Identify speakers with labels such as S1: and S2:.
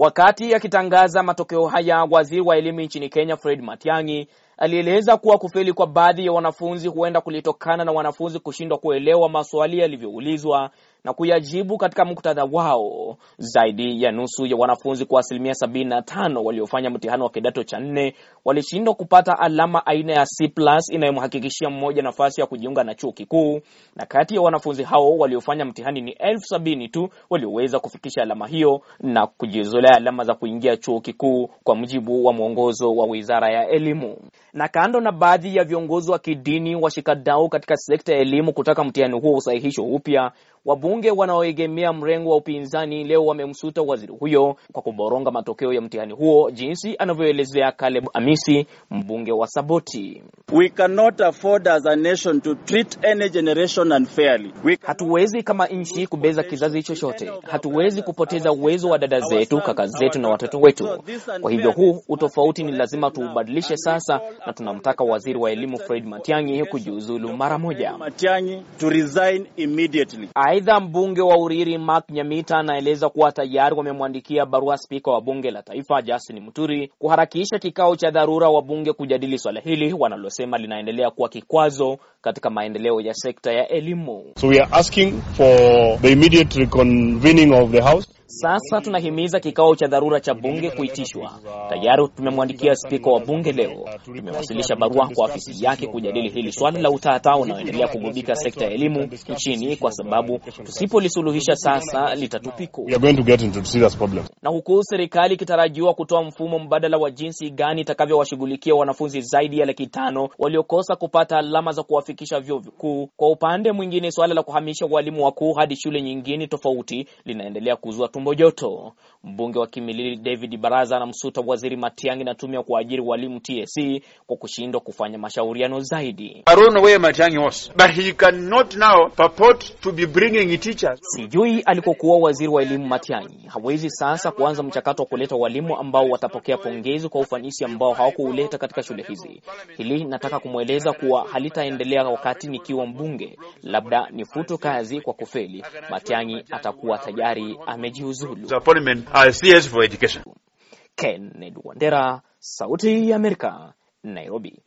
S1: Wakati akitangaza matokeo haya, waziri wa elimu nchini Kenya Fred Matiang'i alieleza kuwa kufeli kwa baadhi ya wanafunzi huenda kulitokana na wanafunzi kushindwa kuelewa maswali yalivyoulizwa na kuyajibu katika muktadha wao. Zaidi ya nusu ya wanafunzi kwa asilimia 75 waliofanya mtihani wa kidato cha nne walishindwa kupata alama aina ya C+ inayomhakikishia mmoja nafasi ya kujiunga na chuo kikuu, na kati ya wanafunzi hao waliofanya mtihani ni elfu sabini tu walioweza kufikisha alama hiyo na kujizolea alama za kuingia chuo kikuu, kwa mujibu wa mwongozo wa Wizara ya Elimu. Na kando na baadhi ya viongozi wa kidini, washikadau katika sekta ya elimu kutaka mtihani huo usahihisho upya Wabunge wanaoegemea mrengo wa upinzani leo wamemsuta waziri huyo kwa kuboronga matokeo ya mtihani huo, jinsi anavyoelezea Caleb Amisi, mbunge wa Saboti. Hatuwezi kama nchi kubeza kizazi chochote, hatuwezi kupoteza uwezo wa dada zetu, kaka zetu na watoto wetu. Kwa hivyo huu utofauti ni lazima tuubadilishe sasa, na tunamtaka waziri wa elimu Fred Matiang'i kujiuzulu mara moja. Aidha, mbunge wa Uriri Mark Nyamita anaeleza kuwa tayari wamemwandikia barua spika wa bunge la taifa Justin Muturi kuharakisha kikao cha dharura wa bunge kujadili swala hili wanalo kusema linaendelea kuwa kikwazo katika maendeleo ya sekta ya elimu. So we are asking for the immediate reconvening of the house. Sasa tunahimiza kikao cha dharura cha bunge kuitishwa. Tayari tumemwandikia spika wa bunge leo, tumewasilisha barua kwa afisi yake kujadili hili swala la utata unaoendelea kugubika sekta ya elimu nchini, kwa sababu tusipolisuluhisha sasa litatupiko. Na huku serikali ikitarajiwa kutoa mfumo mbadala wa jinsi gani itakavyowashughulikia wanafunzi zaidi ya laki tano waliokosa kupata alama za kuwafikisha vyuo vikuu, kwa upande mwingine, suala la kuhamisha walimu wakuu hadi shule nyingine tofauti linaendelea kuzua Kumbo Joto. Mbunge wa Kimilili David Baraza anamsuta waziri Matiang'i na tume ya kuajiri walimu TSC kwa kushindwa kufanya mashauriano zaidi. Sijui alikokuwa waziri wa elimu Matiang'i, hawezi sasa kuanza mchakato wa kuleta walimu ambao watapokea pongezi kwa ufanisi ambao hawakuuleta katika shule hizi. Hili nataka kumweleza kuwa halitaendelea wakati nikiwa mbunge, labda nifutwe kazi kwa kufeli. Matiang'i atakuwa tayari amejiu kujiuzulu. Kennedy Wandera, Sauti ya Amerika, Nairobi.